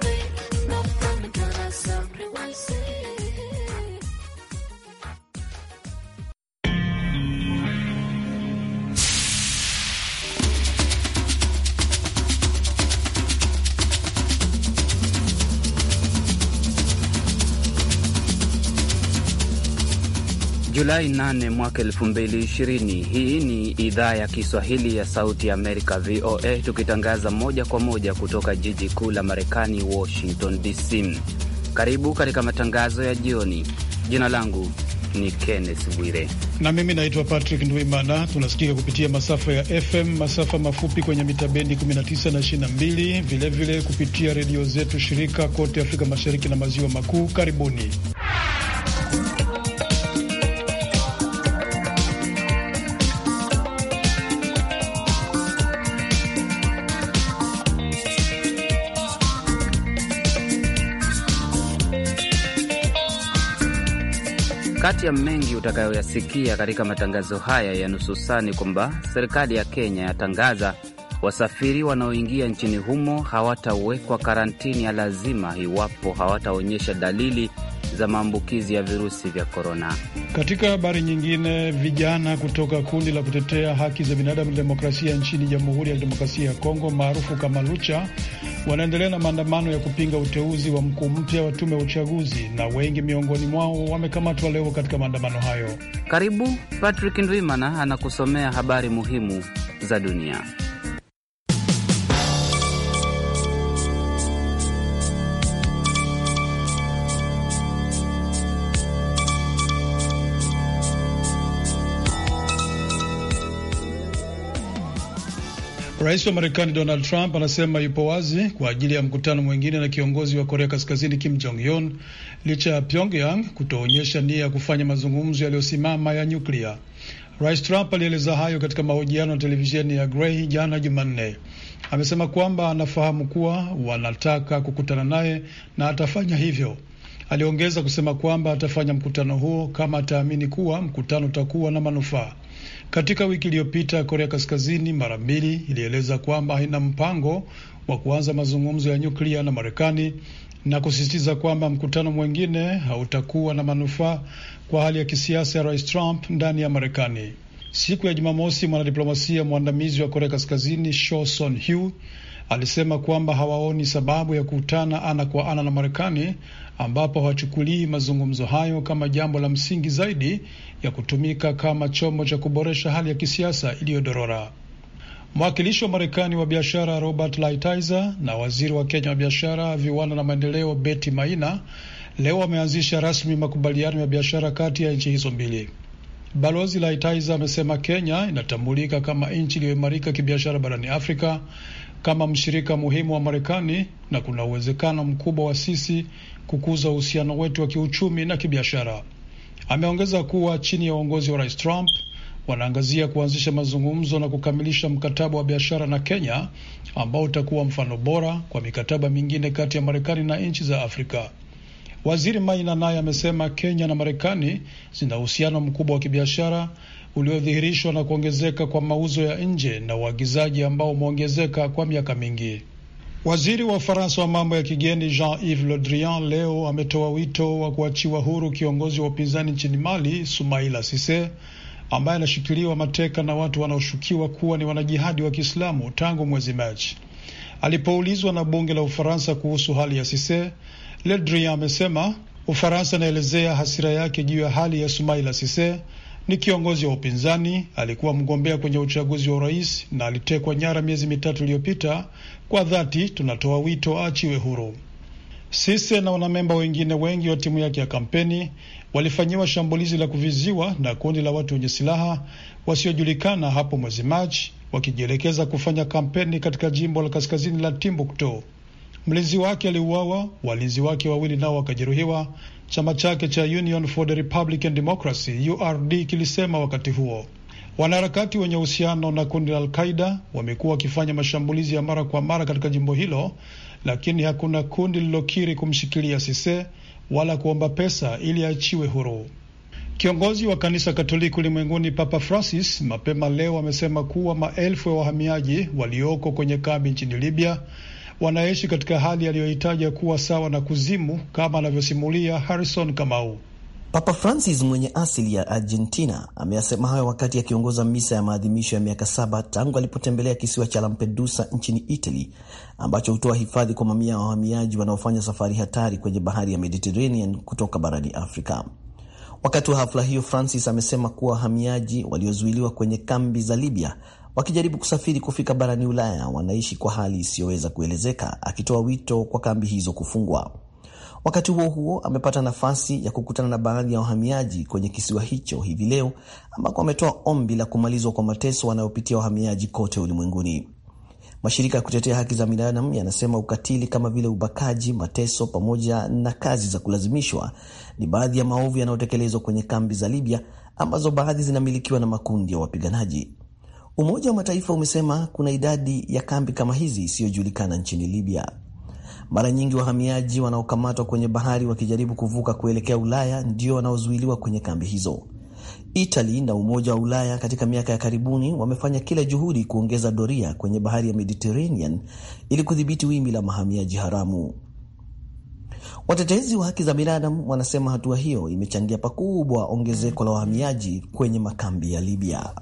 baby. Julai 8 mwaka 2020. Hii ni idhaa ya Kiswahili ya Sauti ya Amerika, VOA, tukitangaza moja kwa moja kutoka jiji kuu la Marekani, Washington DC. Karibu katika matangazo ya jioni. Jina langu ni Kenneth Bwire na mimi naitwa Patrick Ndwimana. Tunasikika kupitia masafa ya FM, masafa mafupi kwenye mitabendi 19 na 22, vilevile kupitia redio zetu shirika kote Afrika Mashariki na Maziwa Makuu. Karibuni. Kati ya mengi utakayoyasikia katika matangazo haya ya nusu saa ni kwamba serikali ya Kenya yatangaza wasafiri wanaoingia nchini humo hawatawekwa karantini ya lazima iwapo hawataonyesha dalili za maambukizi ya virusi vya korona. Katika habari nyingine, vijana kutoka kundi la kutetea haki za binadamu na demokrasia nchini Jamhuri ya Kidemokrasia ya Kongo maarufu kama Lucha wanaendelea na maandamano ya kupinga uteuzi wa mkuu mpya wa tume ya uchaguzi, na wengi miongoni mwao wamekamatwa leo katika maandamano hayo. Karibu Patrick Ndwimana anakusomea habari muhimu za dunia. Rais wa Marekani Donald Trump anasema yupo wazi kwa ajili ya mkutano mwingine na kiongozi wa Korea Kaskazini Kim Jong Un licha ya Pyongyang kutoonyesha nia ya kufanya mazungumzo yaliyosimama ya nyuklia. Rais Trump alieleza hayo katika mahojiano na televisheni ya Grey jana Jumanne. Amesema kwamba anafahamu kuwa wanataka kukutana naye na atafanya hivyo. Aliongeza kusema kwamba atafanya mkutano huo kama ataamini kuwa mkutano utakuwa na manufaa. Katika wiki iliyopita, Korea Kaskazini mara mbili ilieleza kwamba haina mpango wa kuanza mazungumzo ya nyuklia na Marekani na kusisitiza kwamba mkutano mwingine hautakuwa na manufaa kwa hali ya kisiasa ya Rais Trump ndani ya Marekani. Siku ya Jumamosi, mwanadiplomasia mwandamizi wa Korea Kaskazini Shoson Hu alisema kwamba hawaoni sababu ya kukutana ana kwa ana na Marekani, ambapo hawachukulii mazungumzo hayo kama jambo la msingi zaidi ya kutumika kama chombo cha kuboresha hali ya kisiasa iliyodorora. Mwakilishi wa Marekani wa biashara Robert Lighthizer na waziri wa Kenya wa biashara, viwanda na maendeleo Betty Maina leo wameanzisha rasmi makubaliano ya biashara kati ya nchi hizo mbili. Balozi Lighthizer amesema Kenya inatambulika kama nchi iliyoimarika kibiashara barani Afrika kama mshirika muhimu wa Marekani na kuna uwezekano mkubwa wa sisi kukuza uhusiano wetu wa kiuchumi na kibiashara. Ameongeza kuwa chini ya uongozi wa Rais Trump wanaangazia kuanzisha mazungumzo na kukamilisha mkataba wa biashara na Kenya ambao utakuwa mfano bora kwa mikataba mingine kati ya Marekani na nchi za Afrika. Waziri Maina naye amesema Kenya na Marekani zina uhusiano mkubwa wa kibiashara uliodhihirishwa na kuongezeka kwa mauzo ya nje na uagizaji ambao umeongezeka kwa miaka mingi. Waziri wa Ufaransa wa mambo ya kigeni Jean-Yves Le Drian leo ametoa wito wa kuachiwa huru kiongozi wa upinzani nchini Mali Sumaila sise ambaye anashikiliwa mateka na watu wanaoshukiwa kuwa ni wanajihadi wa Kiislamu tangu mwezi Machi. Alipoulizwa na bunge la Ufaransa kuhusu hali ya sise Le Drian amesema Ufaransa inaelezea hasira yake juu ya hali ya Sumaila Sise, ni kiongozi wa upinzani, alikuwa mgombea kwenye uchaguzi wa urais na alitekwa nyara miezi mitatu iliyopita. Kwa dhati tunatoa wito aachiwe huru. Sise na wanamemba wengine wengi wa timu yake ya kampeni walifanyiwa shambulizi la kuviziwa na kundi la watu wenye silaha wasiojulikana hapo mwezi Machi, wakijielekeza kufanya kampeni katika jimbo la kaskazini la Timbuktu. Mlinzi wake aliuawa, walinzi wake wawili nao wakajeruhiwa chama chake cha Union for the Republican Democracy URD kilisema wakati huo. Wanaharakati wenye uhusiano na kundi la Alqaida wamekuwa wakifanya mashambulizi ya mara kwa mara katika jimbo hilo, lakini hakuna kundi lililokiri kumshikilia Sise wala kuomba pesa ili aachiwe huru. Kiongozi wa kanisa Katoliki ulimwenguni Papa Francis mapema leo amesema kuwa maelfu ya wahamiaji walioko kwenye kambi nchini Libya wanaishi katika hali aliyohitaja kuwa sawa na kuzimu, kama anavyosimulia Harrison Kamau. Papa Francis mwenye asili ya Argentina ameyasema hayo wakati akiongoza misa ya maadhimisho ya miaka saba tangu alipotembelea kisiwa cha Lampedusa nchini Italy, ambacho hutoa hifadhi kwa mamia ya wahamiaji wanaofanya safari hatari kwenye bahari ya Mediterranean kutoka barani Afrika. Wakati wa hafla hiyo, Francis amesema kuwa wahamiaji waliozuiliwa kwenye kambi za Libya wakijaribu kusafiri kufika barani Ulaya wanaishi kwa hali isiyoweza kuelezeka, akitoa wito kwa kambi hizo kufungwa. Wakati huo huo, amepata nafasi ya kukutana na baadhi ya wahamiaji kwenye kisiwa hicho hivi leo, ambako ametoa ombi la kumalizwa kwa mateso wanayopitia wahamiaji kote ulimwenguni. Mashirika ya kutetea haki za binadamu yanasema ukatili kama vile ubakaji, mateso pamoja na kazi za kulazimishwa ni baadhi ya maovu yanayotekelezwa kwenye kambi za Libya ambazo baadhi zinamilikiwa na makundi ya wapiganaji. Umoja wa Mataifa umesema kuna idadi ya kambi kama hizi isiyojulikana nchini Libya. Mara nyingi wahamiaji wanaokamatwa kwenye bahari wakijaribu kuvuka kuelekea Ulaya ndio wanaozuiliwa kwenye kambi hizo. Itali na Umoja wa Ulaya katika miaka ya karibuni wamefanya kila juhudi kuongeza doria kwenye bahari ya Mediterranean ili kudhibiti wimbi la mahamiaji haramu. Watetezi wa haki za binadamu wanasema hatua hiyo imechangia pakubwa ongezeko la wahamiaji kwenye makambi ya Libya.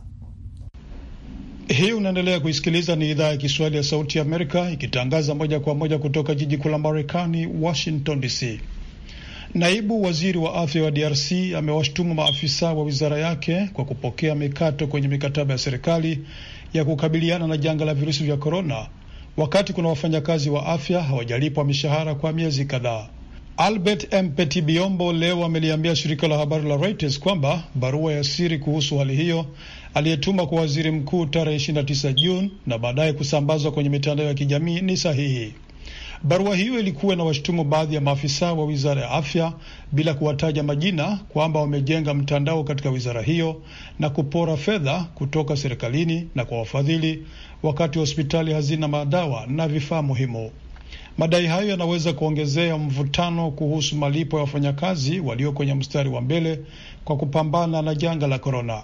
Hii unaendelea kuisikiliza, ni idhaa ya Kiswahili ya Sauti ya Amerika ikitangaza moja kwa moja kutoka jiji kuu la Marekani, Washington DC. Naibu waziri wa afya wa DRC amewashtumu maafisa wa wizara yake kwa kupokea mikato kwenye mikataba ya serikali ya kukabiliana na janga la virusi vya korona, wakati kuna wafanyakazi wa afya hawajalipwa mishahara kwa miezi kadhaa. Albert Mpeti Biombo leo ameliambia shirika la habari la Reuters kwamba barua ya siri kuhusu hali hiyo aliyetuma kwa waziri mkuu tarehe 29 Juni na baadaye kusambazwa kwenye mitandao ya kijamii ni sahihi. Barua hiyo ilikuwa na washutumu baadhi ya maafisa wa wizara ya afya bila kuwataja majina kwamba wamejenga mtandao katika wizara hiyo na kupora fedha kutoka serikalini na kwa wafadhili, wakati hospitali hazina madawa na vifaa muhimu. Madai hayo yanaweza kuongezea mvutano kuhusu malipo ya wafanyakazi walio kwenye mstari wa mbele kwa kupambana na janga la korona.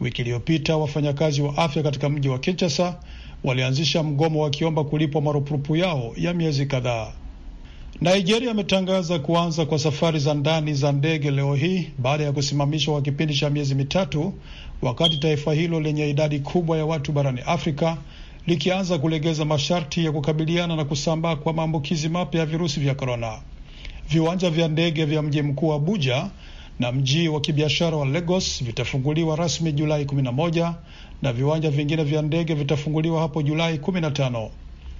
Wiki iliyopita wafanyakazi wa afya katika mji wa Kinshasa walianzisha mgomo wakiomba kulipwa marupurupu yao ya miezi kadhaa. Nigeria ametangaza kuanza kwa safari za ndani za ndege leo hii baada ya kusimamishwa kwa kipindi cha miezi mitatu, wakati taifa hilo lenye idadi kubwa ya watu barani Afrika likianza kulegeza masharti ya kukabiliana na kusambaa kwa maambukizi mapya ya virusi vya korona. Viwanja vya ndege vya mji mkuu wa Abuja na mji wa kibiashara wa Lagos vitafunguliwa rasmi Julai 11 na viwanja vingine vya ndege vitafunguliwa hapo Julai 15.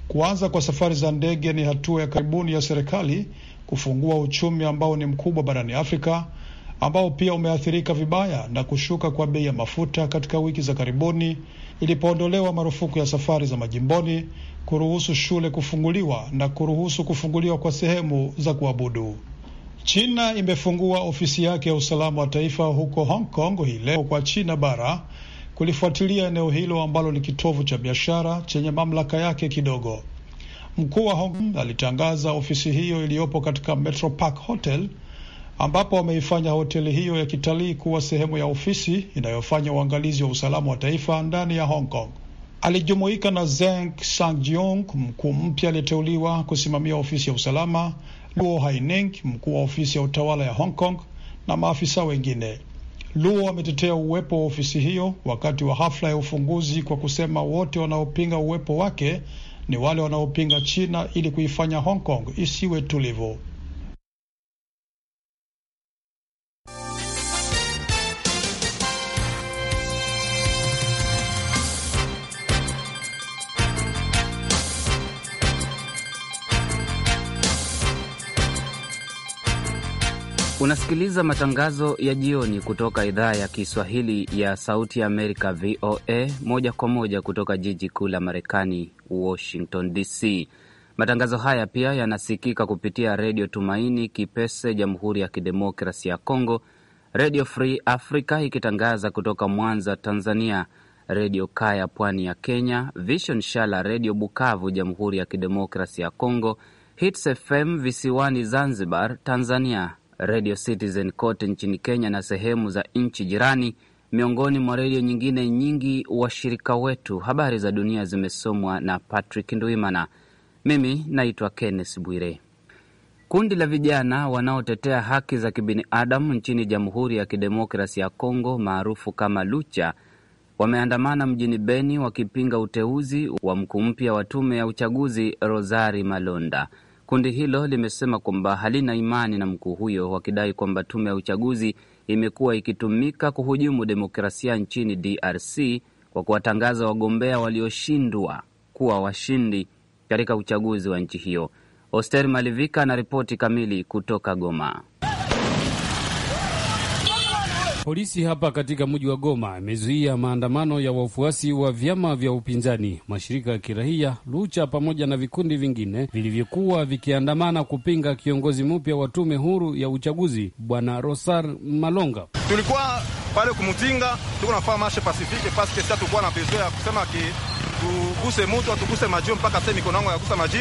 Kuanza kwa safari za ndege ni hatua ya karibuni ya serikali kufungua uchumi ambao ni mkubwa barani Afrika, ambao pia umeathirika vibaya na kushuka kwa bei ya mafuta katika wiki za karibuni, ilipoondolewa marufuku ya safari za majimboni, kuruhusu shule kufunguliwa na kuruhusu kufunguliwa kwa sehemu za kuabudu. China imefungua ofisi yake ya usalama wa taifa huko Hong Kong hii leo kwa China bara kulifuatilia eneo hilo ambalo ni kitovu cha biashara chenye mamlaka yake kidogo. Mkuu wa Hong Kong alitangaza ofisi hiyo iliyopo katika Metro Park Hotel ambapo wameifanya hoteli hiyo ya kitalii kuwa sehemu ya ofisi inayofanya uangalizi wa usalama wa taifa ndani ya Hong Kong. Alijumuika na Zeng Sanjiong, mkuu mpya aliyeteuliwa kusimamia ofisi ya usalama, Luo Haining, mkuu wa ofisi ya utawala ya Hong Kong, na maafisa wengine. Luo ametetea uwepo wa ofisi hiyo wakati wa hafla ya ufunguzi kwa kusema wote wanaopinga uwepo wake ni wale wanaopinga China ili kuifanya Hong Kong isiwe tulivu. Unasikiliza matangazo ya jioni kutoka idhaa ya Kiswahili ya Sauti ya Amerika, VOA, moja kwa moja kutoka jiji kuu la Marekani, Washington DC. Matangazo haya pia yanasikika kupitia Redio Tumaini Kipese, Jamhuri ya Kidemokrasi ya congo Redio Free Africa ikitangaza kutoka Mwanza, Tanzania, Redio Kaya pwani ya Kenya, Vision Shala Redio Bukavu, Jamhuri ya Kidemokrasi ya congo Hits FM visiwani Zanzibar, Tanzania, Radio Citizen kote nchini Kenya na sehemu za nchi jirani, miongoni mwa redio nyingine nyingi washirika wetu. Habari za dunia zimesomwa na Patrick Ndwimana. Mimi naitwa Kenneth Bwire. Kundi la vijana wanaotetea haki za kibinadamu nchini Jamhuri ya Kidemokrasi ya Kongo maarufu kama Lucha wameandamana mjini Beni wakipinga uteuzi wa mkuu mpya wa tume ya uchaguzi Rosari Malonda. Kundi hilo limesema kwamba halina imani na mkuu huyo, wakidai kwamba tume ya uchaguzi imekuwa ikitumika kuhujumu demokrasia nchini DRC kwa kuwatangaza wagombea walioshindwa kuwa washindi katika uchaguzi wa nchi hiyo. Oster Malivika ana ripoti kamili kutoka Goma. Polisi hapa katika mji wa Goma imezuia maandamano ya wafuasi wa vyama vya upinzani, mashirika ya kiraia, Lucha pamoja na vikundi vingine vilivyokuwa vikiandamana kupinga kiongozi mpya wa tume huru ya uchaguzi Bwana Rosar Malonga. Tulikuwa pale kumutinga, tuko nafaa marshe pasifike paske sia tukuwa na bezo ya kusema ki tuguse mutu atuguse majio mpaka se mikono yangu yagusa maji.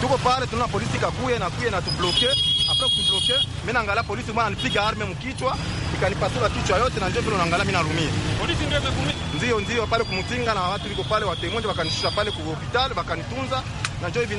Tuko pale tunaona polisi kakuye na kuye na tubloke apres kutubloke, mimi naangalia polisi bwana anipiga arme mkichwa, ikanipasua kichwa yote, na ndio vile naangalia mimi narumia. Polisi ndio imekumia, ndio ndio pale kumtinga, na watu liko pale watemonde wakanishusha pale ku hospital wakanitunza, na ndio hivi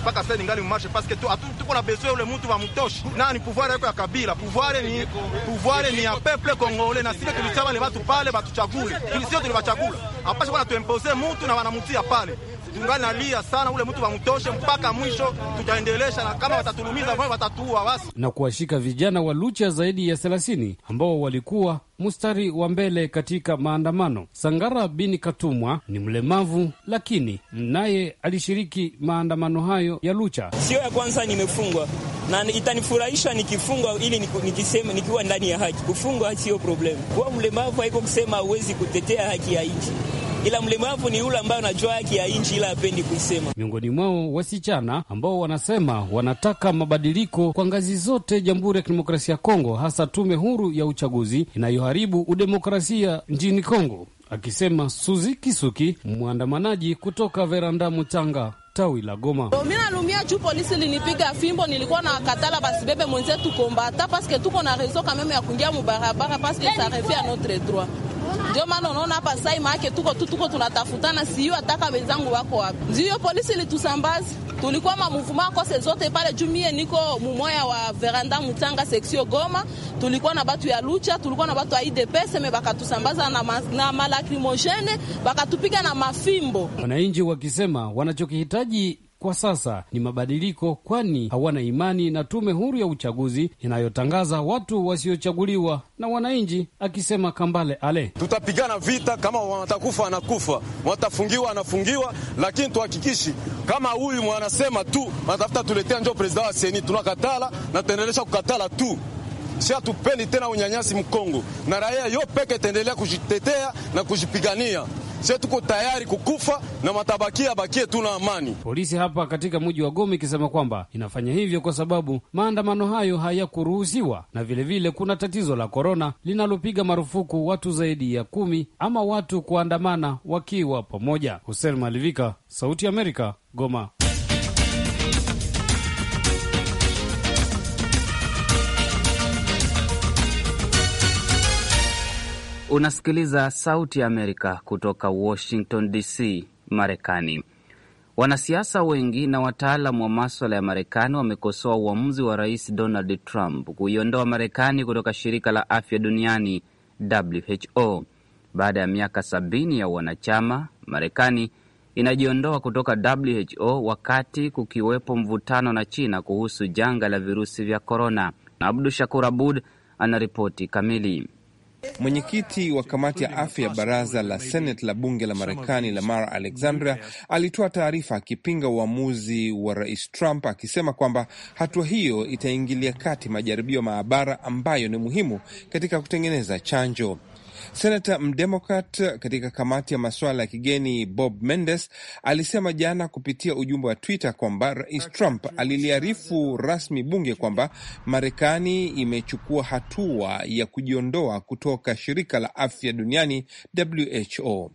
mpaka sasa ningali marche parce que tu tuko na besoin ule mtu wa mtoshi na ni pouvoir yako ya kabila, pouvoir ni pouvoir ni ya peuple congolais, na sisi tulichama le watu pale batuchagule, sisi tulibachagula hapa, sio kwa tuimpose mtu na wanamtia pale tungali nalia sana, ule mtu wamtoshe mpaka mwisho, tutaendelesha na kama watatulumiza moyo watatuua basi. Na kuwashika vijana wa Lucha zaidi ya thelathini ambao walikuwa mstari wa mbele katika maandamano. Sangara Bini Katumwa ni mlemavu, lakini naye alishiriki maandamano hayo ya Lucha. Sio ya kwanza nimefungwa na itanifurahisha nikifungwa, ili nikisema nikiwa ndani ya haki. Kufungwa sio problemu, kuwa mlemavu haiko kusema huwezi kutetea haki ya nchi ila mlemavu ni yule ambaye anajua haki ya nchi ila hapendi kuisema. Miongoni mwao wasichana ambao wanasema wanataka mabadiliko kwa ngazi zote Jamhuri ya Kidemokrasia ya Kongo, hasa tume huru ya uchaguzi inayoharibu udemokrasia nchini Kongo, akisema Suzi Kisuki, mwandamanaji kutoka Veranda Muchanga tawi la Goma. Mimi nalumia juu polisi linipiga fimbo, nilikuwa na katala basibebe mwenzetu kombata paske tuko na rezo kameme ya kuingia mubarabara paske sarefia notre droit ndio maana unaona hapa sai maake tuko tu tuko tunatafutana, siyo ataka wenzangu wako wapi. Ndio polisi litusambazi tulikuwa mamuvuma kose zote pale jumie, niko mumoya wa veranda Mutanga seksio Goma, tulikuwa na batu ya Lucha, tulikuwa na batu ya IDPS me bakatusambaza na, ma, na malakrimogene bakatupiga na mafimbo, wananchi wakisema wanachokihitaji kwa sasa ni mabadiliko, kwani hawana imani na tume huru ya uchaguzi inayotangaza watu wasiochaguliwa na wananchi, akisema Kambale Ale, tutapigana vita kama watakufa anakufa, watafungiwa anafungiwa, lakini tuhakikishi kama huyu mwanasema tu anatafuta tuletea njo prezida wa seni, tunakatala na tunaendelesha kukatala tu si hatupendi tena unyanyasi Mkongo, na raia yo peke itaendelea kujitetea na kujipigania sie tuko tayari kukufa na matabakia abakie, tuna amani. Polisi hapa katika mji wa Goma ikisema kwamba inafanya hivyo kwa sababu maandamano hayo hayakuruhusiwa, na vilevile vile kuna tatizo la korona linalopiga marufuku watu zaidi ya kumi ama watu kuandamana wakiwa pamoja. Hussein Malivika, Sauti ya Amerika, Goma. Unasikiliza Sauti ya Amerika kutoka Washington DC, Marekani. Wanasiasa wengi na wataalam wa maswala ya Marekani wamekosoa uamuzi wa Rais Donald Trump kuiondoa Marekani kutoka shirika la afya duniani WHO. Baada ya miaka sabini ya wanachama, Marekani inajiondoa kutoka WHO wakati kukiwepo mvutano na China kuhusu janga la virusi vya korona. Abdu Shakur Abud anaripoti kamili. Mwenyekiti wa kamati ya afya ya baraza la Senate la bunge la Marekani Lamar Alexandria alitoa taarifa akipinga uamuzi wa rais Trump akisema kwamba hatua hiyo itaingilia kati majaribio ya maabara ambayo ni muhimu katika kutengeneza chanjo. Senata mdemokrat katika kamati ya masuala ya kigeni Bob Mendes alisema jana kupitia ujumbe wa Twitter kwamba Rais Trump aliliarifu rasmi bunge kwamba Marekani imechukua hatua ya kujiondoa kutoka shirika la afya duniani WHO.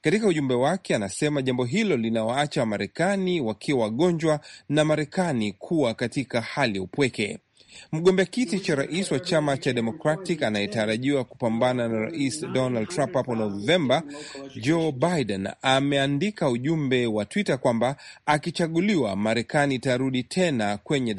Katika ujumbe wake anasema jambo hilo linawaacha Wamarekani wakiwa wagonjwa na Marekani kuwa katika hali ya upweke. Mgombea kiti cha rais wa chama cha Democratic anayetarajiwa kupambana na rais Donald Trump hapo Novemba, Joe Biden ameandika ujumbe wa Twitter kwamba akichaguliwa, Marekani itarudi tena kwenye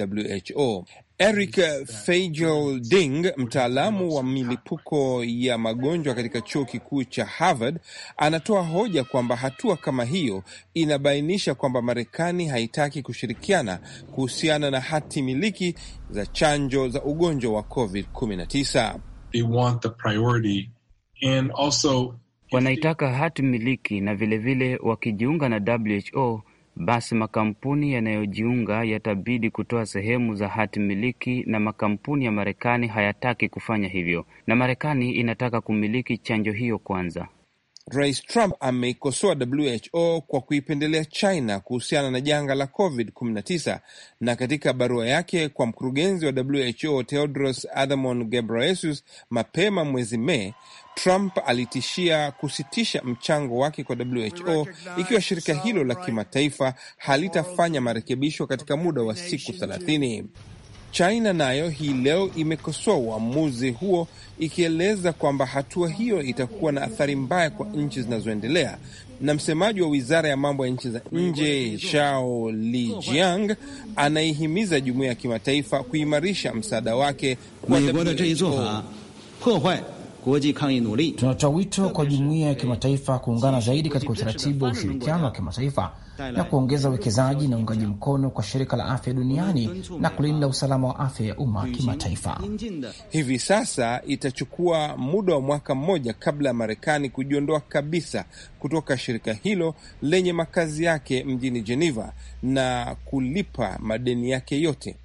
WHO. Eric Feijolding, mtaalamu wa uh, milipuko ya magonjwa katika chuo kikuu cha Harvard, anatoa hoja kwamba hatua kama hiyo inabainisha kwamba Marekani haitaki kushirikiana kuhusiana na hati miliki za chanjo za ugonjwa wa COVID-19. Wanaitaka hati miliki na vilevile, wakijiunga na WHO basi makampuni yanayojiunga yatabidi kutoa sehemu za hati miliki na makampuni ya Marekani hayataki kufanya hivyo, na Marekani inataka kumiliki chanjo hiyo kwanza. Rais Trump ameikosoa WHO kwa kuipendelea China kuhusiana na janga la COVID-19 na katika barua yake kwa mkurugenzi wa WHO Tedros Adhanom Ghebreyesus mapema mwezi Mei Trump alitishia kusitisha mchango wake kwa WHO ikiwa shirika hilo la kimataifa halitafanya marekebisho katika muda wa siku 30. China nayo hii leo imekosoa uamuzi huo ikieleza kwamba hatua hiyo itakuwa na athari mbaya kwa nchi zinazoendelea. Na msemaji wa wizara ya mambo ya nchi za nje Shao Lijiang anaihimiza jumuiya ya kimataifa kuimarisha msaada wake kwa WHO. Tunatoa wito kwa jumuiya ya kimataifa kuungana zaidi katika utaratibu wa ushirikiano wa kimataifa na kuongeza uwekezaji na uungaji mkono kwa shirika la afya duniani na kulinda usalama wa afya ya umma kimataifa. Hivi sasa itachukua muda wa mwaka mmoja kabla ya Marekani kujiondoa kabisa kutoka shirika hilo lenye makazi yake mjini Geneva na kulipa madeni yake yote.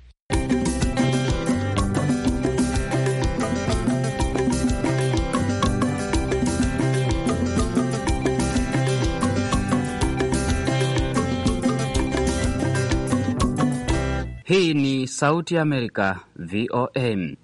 Hii ni Sauti ya Amerika, VOA.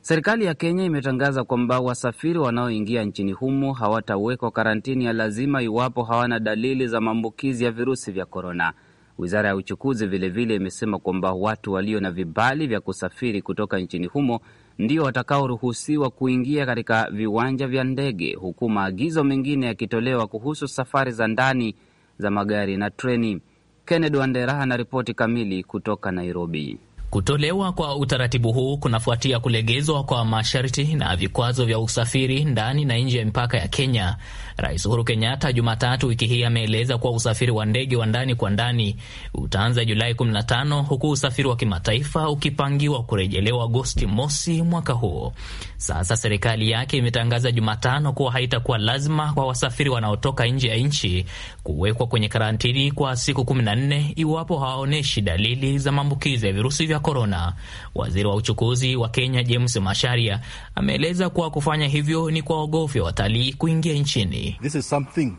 Serikali ya Kenya imetangaza kwamba wasafiri wanaoingia nchini humo hawatawekwa karantini ya lazima iwapo hawana dalili za maambukizi ya virusi vya korona. Wizara ya uchukuzi vilevile vile imesema kwamba watu walio na vibali vya kusafiri kutoka nchini humo ndio watakaoruhusiwa kuingia katika viwanja vya ndege, huku maagizo mengine yakitolewa kuhusu safari za ndani za magari na treni. Kennedy Wandera anaripoti kamili kutoka Nairobi. Kutolewa kwa utaratibu huu kunafuatia kulegezwa kwa masharti na vikwazo vya usafiri ndani na nje ya mipaka ya Kenya Rais Uhuru Kenyatta Jumatatu wiki hii ameeleza kuwa usafiri wa ndege wa ndani kwa ndani utaanza Julai 15 huku usafiri wa kimataifa ukipangiwa kurejelewa Agosti mosi mwaka huo. Sasa serikali yake imetangaza Jumatano kuwa haitakuwa lazima kwa wasafiri wanaotoka nje ya nchi kuwekwa kwenye karantini kwa siku 14 iwapo hawaonyeshi dalili za maambukizi ya virusi vya korona. Waziri wa uchukuzi wa Kenya James Masharia ameeleza kuwa kufanya hivyo ni kwa ogofya watalii kuingia nchini usafiri.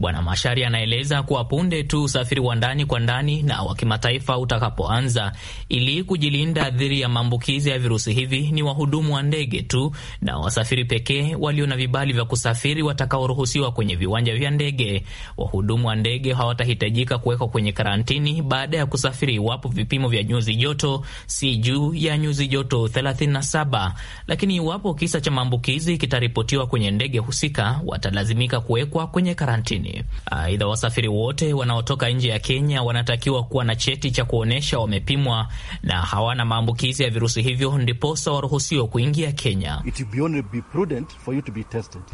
Bwana Mashari anaeleza kuwa punde tu usafiri wa ndani kwa ndani na wa kimataifa utakapoanza, ili kujilinda dhidi ya maambukizi ya virusi hivi, ni wahudumu wa ndege tu na wasafiri pekee walio na vibali vya kusafiri watakaoruhusiwa kwenye viwanja vya ndege. Wahudumu wa ndege hawatahitajika kuwekwa kwenye karantini baada ya kusafiri iwapo vipimo vya nyuzi joto si juu ya nyuzi joto 37, lakini iwapo kisa cha maambukizi kitaripotiwa kwenye ndege husika watalazimika kuwekwa kwenye karantini. Aidha, wasafiri wote wanaotoka nje ya Kenya wanatakiwa kuwa na cheti cha kuonyesha wamepimwa na hawana maambukizi ya virusi hivyo, ndiposa waruhusiwa kuingia Kenya.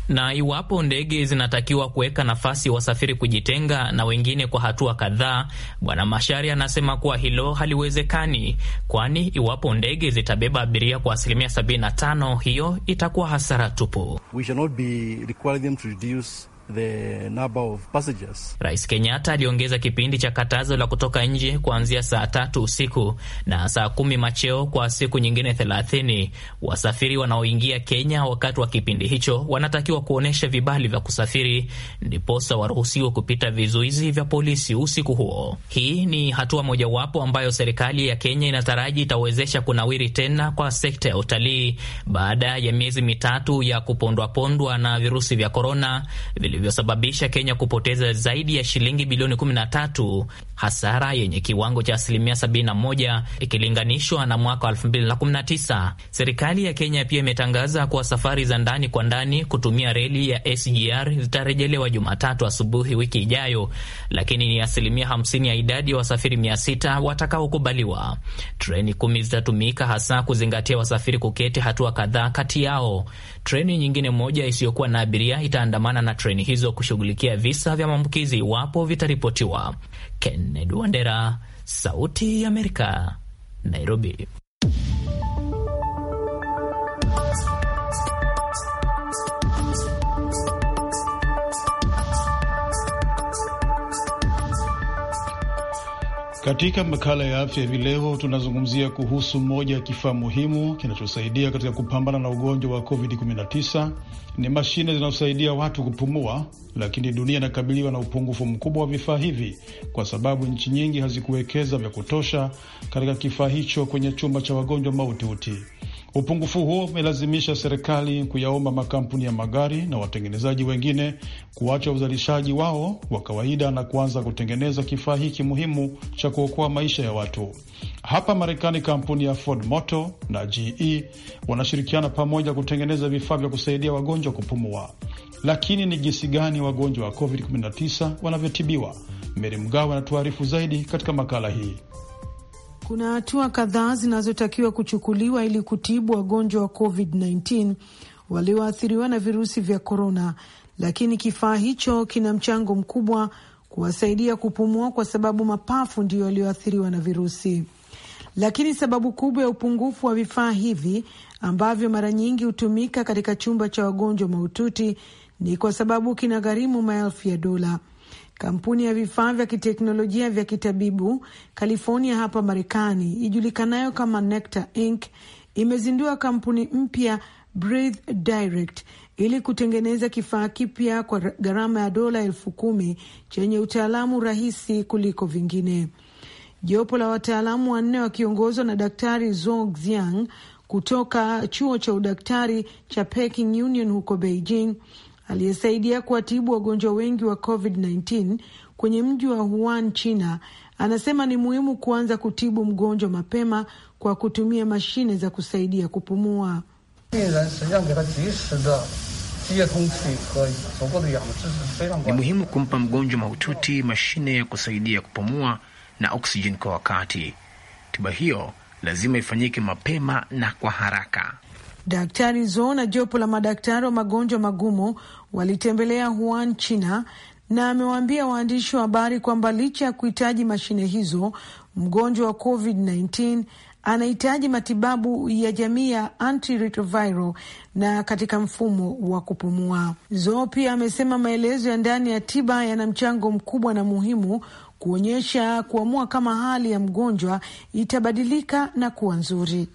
Na iwapo ndege zinatakiwa kuweka nafasi wasafiri kujitenga na wengine kwa hatua kadhaa, Bwana Mashari anasema kuwa hilo haliwezekani, kwani iwapo ndege zitabeba abiria kwa asilimia 75, hiyo itakuwa hasara tupu. We them to reduce The number of passengers. Rais Kenyatta aliongeza kipindi cha katazo la kutoka nje kuanzia saa tatu usiku na saa kumi macheo kwa siku nyingine thelathini. Wasafiri wanaoingia Kenya wakati wa kipindi hicho wanatakiwa kuonyesha vibali vya kusafiri, ndiposa waruhusiwe kupita vizuizi vya polisi usiku huo. Hii ni hatua mojawapo ambayo serikali ya Kenya inataraji itawezesha kunawiri tena kwa sekta ya utalii baada ya miezi mitatu ya kupondwapondwa na virusi vya korona vilivyosababisha Kenya kupoteza zaidi ya shilingi bilioni 13, hasara yenye kiwango cha asilimia 71 ikilinganishwa na mwaka 2019. Serikali ya Kenya pia imetangaza kuwa safari za ndani kwa ndani kutumia reli ya SGR zitarejelewa Jumatatu asubuhi wiki ijayo, lakini ni asilimia 50 ya idadi ya wasafiri 600 watakaokubaliwa. Treni kumi zitatumika hasa kuzingatia wasafiri kuketi hatua kadhaa kati yao. Treni nyingine moja isiyokuwa na abiria itaandamana na treni hizo kushughulikia visa vya maambukizi iwapo vitaripotiwa. Kennedy Wandera, Sauti ya Amerika, Nairobi. Katika makala ya afya hivi leo tunazungumzia kuhusu moja ya kifaa muhimu kinachosaidia katika kupambana na ugonjwa wa COVID-19. Ni mashine zinazosaidia watu kupumua, lakini dunia inakabiliwa na upungufu mkubwa wa vifaa hivi kwa sababu nchi nyingi hazikuwekeza vya kutosha katika kifaa hicho kwenye chumba cha wagonjwa mahututi. Upungufu huo umelazimisha serikali kuyaomba makampuni ya magari na watengenezaji wengine kuacha uzalishaji wao wa kawaida na kuanza kutengeneza kifaa hiki muhimu cha kuokoa maisha ya watu. Hapa Marekani, kampuni ya Ford Motor na GE wanashirikiana pamoja kutengeneza vifaa vya kusaidia wagonjwa kupumua. Lakini ni jinsi gani wagonjwa wa COVID-19 wanavyotibiwa? Meri Mgawe anatuarifu zaidi katika makala hii kuna hatua kadhaa zinazotakiwa kuchukuliwa ili kutibu wagonjwa wa COVID-19 walioathiriwa na virusi vya korona, lakini kifaa hicho kina mchango mkubwa kuwasaidia kupumua, kwa sababu mapafu ndiyo yaliyoathiriwa na virusi. Lakini sababu kubwa ya upungufu wa vifaa hivi ambavyo mara nyingi hutumika katika chumba cha wagonjwa mahututi ni kwa sababu kina gharimu maelfu ya dola. Kampuni ya vifaa vya kiteknolojia vya kitabibu California hapa Marekani ijulikanayo kama Nectar Inc imezindua kampuni mpya Breathe Direct ili kutengeneza kifaa kipya kwa gharama ya dola elfu kumi chenye utaalamu rahisi kuliko vingine. Jopo la wataalamu wanne wakiongozwa na Daktari Zhou Xiang kutoka chuo cha udaktari cha Peking Union huko Beijing aliyesaidia kuwatibu wagonjwa wengi wa COVID-19 kwenye mji wa Wuhan, China, anasema ni muhimu kuanza kutibu mgonjwa mapema kwa kutumia mashine za kusaidia kupumua. Ni muhimu kumpa mgonjwa mahututi mashine ya kusaidia kupumua na oksijeni kwa wakati. Tiba hiyo lazima ifanyike mapema na kwa haraka. Daktari Zo na jopo la madaktari wa magonjwa magumu walitembelea Wuhan, China, na amewaambia waandishi wa habari kwamba licha ya kuhitaji mashine hizo, mgonjwa wa COVID-19 anahitaji matibabu ya jamii ya antiretroviral na katika mfumo wa kupumua. Zo pia amesema maelezo ya ndani ya tiba yana mchango mkubwa na muhimu kuonyesha kuamua kama hali ya mgonjwa itabadilika na kuwa nzuri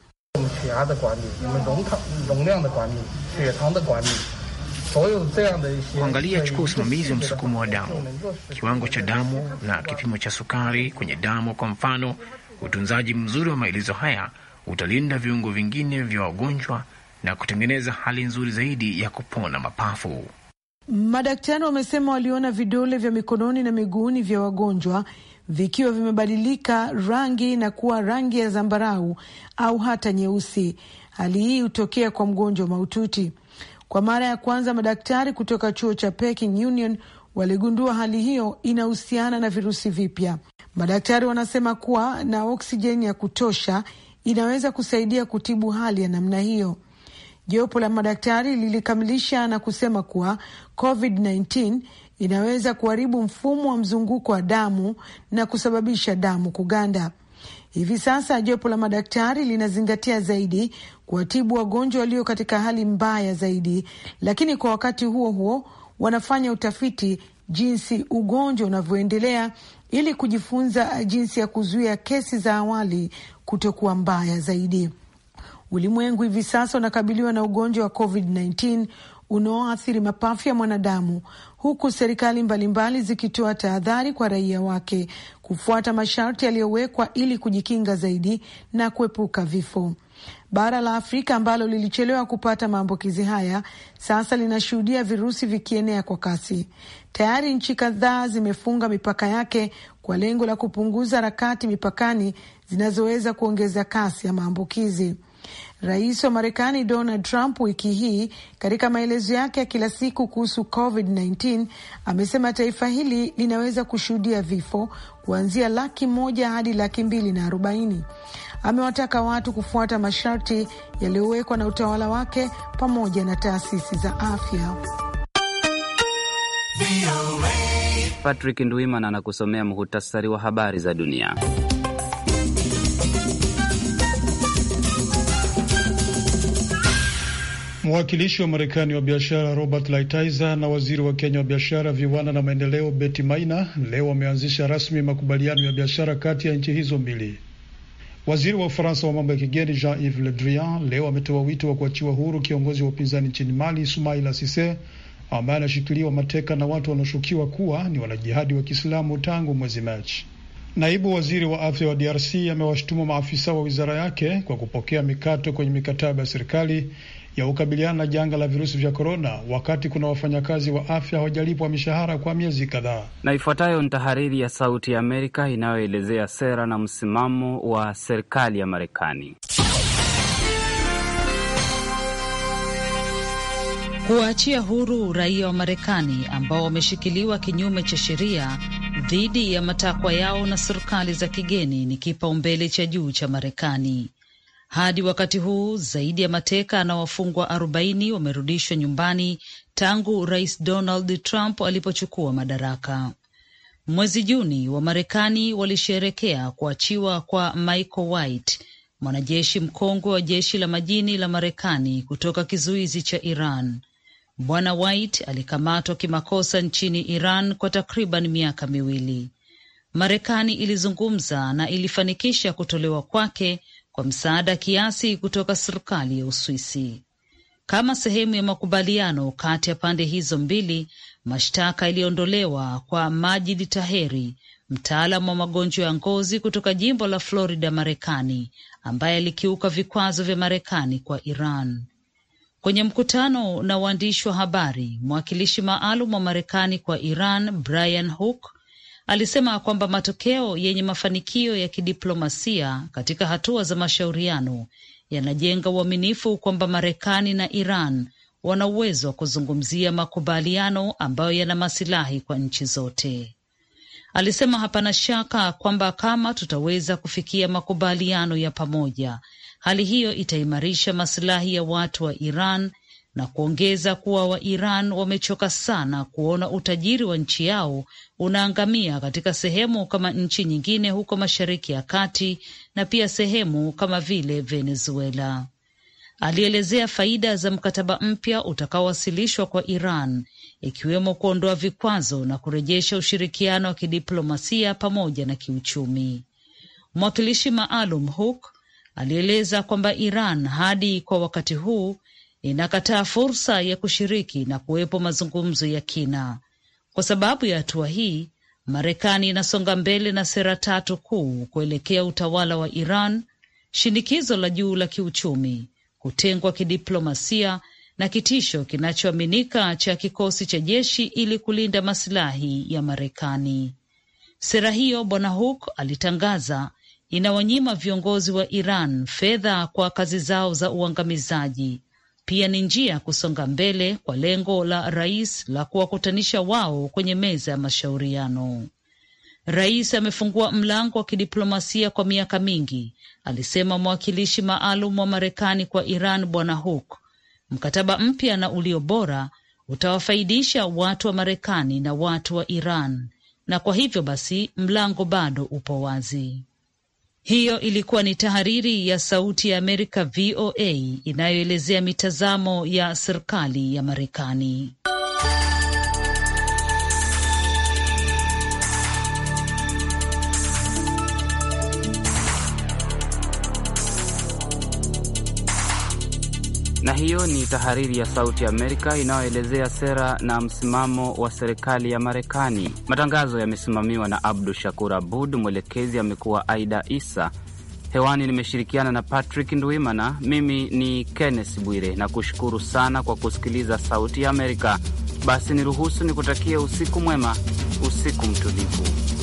angalia chukua usimamizi wa msukumo wa damu, kiwango cha damu na kipimo cha sukari kwenye damu. Kwa mfano, utunzaji mzuri wa maelezo haya utalinda viungo vingine vya wagonjwa na kutengeneza hali nzuri zaidi ya kupona mapafu. Madaktari wamesema waliona vidole vya mikononi na miguuni vya wagonjwa vikiwa vimebadilika rangi na kuwa rangi ya zambarau au hata nyeusi. Hali hii hutokea kwa mgonjwa mahututi. Kwa mara ya kwanza, madaktari kutoka chuo cha Peking Union waligundua hali hiyo inahusiana na virusi vipya. Madaktari wanasema kuwa na oksijeni ya kutosha inaweza kusaidia kutibu hali ya namna hiyo. Jopo la madaktari lilikamilisha na kusema kuwa COVID-19 inaweza kuharibu mfumo wa mzunguko wa damu na kusababisha damu kuganda. Hivi sasa jopo la madaktari linazingatia zaidi kuwatibu wagonjwa walio katika hali mbaya zaidi, lakini kwa wakati huo huo wanafanya utafiti jinsi ugonjwa unavyoendelea ili kujifunza jinsi ya kuzuia kesi za awali kutokuwa mbaya zaidi. Ulimwengu hivi sasa unakabiliwa na ugonjwa wa COVID-19 unaoathiri mapafu ya mwanadamu, huku serikali mbalimbali zikitoa tahadhari kwa raia wake kufuata masharti yaliyowekwa ili kujikinga zaidi na kuepuka vifo. Bara la Afrika ambalo lilichelewa kupata maambukizi haya sasa linashuhudia virusi vikienea kwa kasi. Tayari nchi kadhaa zimefunga mipaka yake kwa lengo la kupunguza harakati mipakani zinazoweza kuongeza kasi ya maambukizi. Rais wa Marekani Donald Trump wiki hii katika maelezo yake ya kila siku kuhusu COVID-19 amesema taifa hili linaweza kushuhudia vifo kuanzia laki moja hadi laki mbili na arobaini. Amewataka watu kufuata masharti yaliyowekwa na utawala wake pamoja na taasisi za afya. Patrick Ndwimana anakusomea muhutasari wa habari za dunia. Mwakilishi wa Marekani wa biashara Robert Lighthizer na waziri wa Kenya wa biashara, viwanda na maendeleo Betty Maina leo wameanzisha rasmi makubaliano ya biashara kati ya nchi hizo mbili. Waziri wa Ufaransa wa mambo ya kigeni Jean Yves Le Drian leo ametoa wito wa kuachiwa huru kiongozi wa upinzani nchini Mali Sumaila sise ambaye anashikiliwa mateka na watu wanaoshukiwa kuwa ni wanajihadi wa Kiislamu tangu mwezi Machi. Naibu waziri wa afya wa DRC amewashutumu maafisa wa wizara yake kwa kupokea mikato kwenye mikataba ya serikali ya kukabiliana na janga la virusi vya korona, wakati kuna wafanyakazi wa afya hawajalipwa mishahara kwa miezi kadhaa. Na ifuatayo ni tahariri ya Sauti ya Amerika inayoelezea sera na msimamo wa serikali ya Marekani. Kuwaachia huru raia wa Marekani ambao wameshikiliwa kinyume cha sheria dhidi ya matakwa yao na serikali za kigeni ni kipaumbele cha juu cha Marekani. Hadi wakati huu zaidi ya mateka na wafungwa arobaini wamerudishwa nyumbani tangu Rais Donald Trump alipochukua madaraka. Mwezi Juni Wamarekani walisherekea kuachiwa kwa Michael White, mwanajeshi mkongwe wa jeshi la majini la Marekani kutoka kizuizi cha Iran. Bwana White alikamatwa kimakosa nchini Iran kwa takriban miaka miwili. Marekani ilizungumza na ilifanikisha kutolewa kwake kwa msaada kiasi kutoka serikali ya Uswisi kama sehemu ya makubaliano kati ya pande hizo mbili. Mashtaka yaliyoondolewa kwa Majidi Taheri, mtaalam wa magonjwa ya ngozi kutoka jimbo la Florida, Marekani, ambaye alikiuka vikwazo vya Marekani kwa Iran. Kwenye mkutano na waandishi wa habari, mwakilishi maalum wa Marekani kwa Iran Brian Hook alisema kwamba matokeo yenye mafanikio ya kidiplomasia katika hatua za mashauriano yanajenga uaminifu kwamba Marekani na Iran wana uwezo wa kuzungumzia makubaliano ambayo yana masilahi kwa nchi zote. Alisema hapana shaka kwamba kama tutaweza kufikia makubaliano ya pamoja, hali hiyo itaimarisha masilahi ya watu wa Iran na kuongeza kuwa Wairan wamechoka sana kuona utajiri wa nchi yao unaangamia katika sehemu kama nchi nyingine huko Mashariki ya Kati na pia sehemu kama vile Venezuela. Alielezea faida za mkataba mpya utakaowasilishwa kwa Iran, ikiwemo kuondoa vikwazo na kurejesha ushirikiano wa kidiplomasia pamoja na kiuchumi. Mwakilishi maalum Hook alieleza kwamba Iran hadi kwa wakati huu inakataa fursa ya kushiriki na kuwepo mazungumzo ya kina kwa sababu ya hatua hii, Marekani inasonga mbele na sera tatu kuu kuelekea utawala wa Iran: shinikizo la juu la kiuchumi, kutengwa kidiplomasia na kitisho kinachoaminika cha kikosi cha jeshi ili kulinda masilahi ya Marekani. Sera hiyo Bwana Hook alitangaza inawanyima viongozi wa Iran fedha kwa kazi zao za uangamizaji, pia ni njia ya kusonga mbele kwa lengo la rais la kuwakutanisha wao kwenye meza ya mashauriano. Rais amefungua mlango wa kidiplomasia kwa miaka mingi, alisema mwakilishi maalum wa Marekani kwa Iran Bwana Hook. Mkataba mpya na ulio bora utawafaidisha watu wa Marekani na watu wa Iran, na kwa hivyo basi mlango bado upo wazi. Hiyo ilikuwa ni tahariri ya Sauti ya Amerika, VOA, inayoelezea mitazamo ya serikali ya Marekani. hiyo ni tahariri ya Sauti Amerika inayoelezea sera na msimamo wa serikali ya Marekani. Matangazo yamesimamiwa na Abdu Shakur Abud, mwelekezi amekuwa Aida Isa. Hewani nimeshirikiana na Patrick Ndwimana. Mimi ni Kenneth Bwire na kushukuru sana kwa kusikiliza Sauti ya Amerika. Basi niruhusu nikutakie usiku mwema, usiku mtulivu.